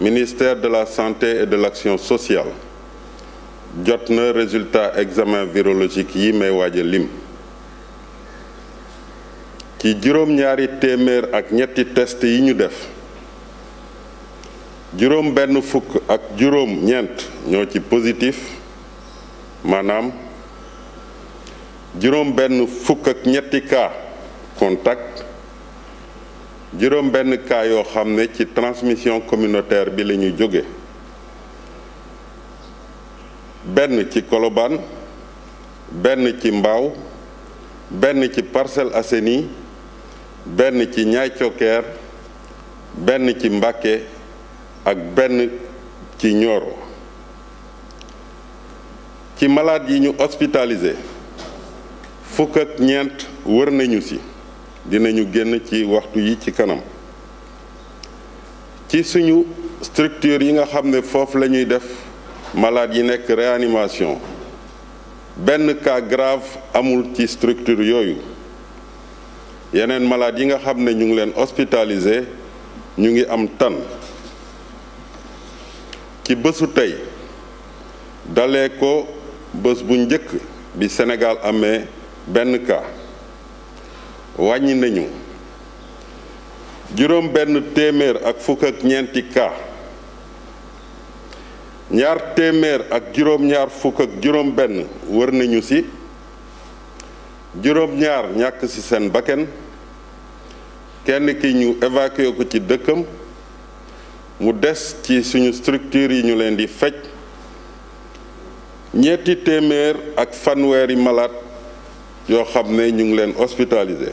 ministère de la santé et de l'action sociale jot na résultat examen virologique yi may waaj a lim ci juróom-ñaari téeméer ak ñetti test yi ñu def juróom benn fukk ak juróom ñeent ñoo ci positif maanaam juróom benn fukk ak ñetti cas contact juróom benn cas yoo xam ne ci transmission communautaire bi lañuy jóge benn ci Colobane benn ci Mbao benn ci parcelle Assainies benn ci Niayes Thioker benn ci Mbacké ak benn ci Nioro ci malade yi ñu hospitalisé fukk ak ñeent wër nañu ci dina ñu génn ci waxtu yi ci kanam ci suñu structure yi nga xam ne foofu la ñuy def malaat yi nekk réanimation benn cas grave amul ci structure yooyu yeneen malaat yi nga xam ne ñu ngi leen hospitalisé ñu ngi am tan ci bésu tey dalee ko bés bu njëkk bi Sénégal amee benn ka wàññi nañu juróom benn téeméer ak fukk ñaar téeméer ak juróom-ñaar fukk ak juróom benn wër nañu ci juróom-ñaar ñàkk ci seen bakken kenn ki ñu évacué ko ci dëkkam mu des ci suñu structure yi ñu leen di faj ñetti téeméer ak fanweeri malaat yoo xam ne ñu ngi leen hospitalisé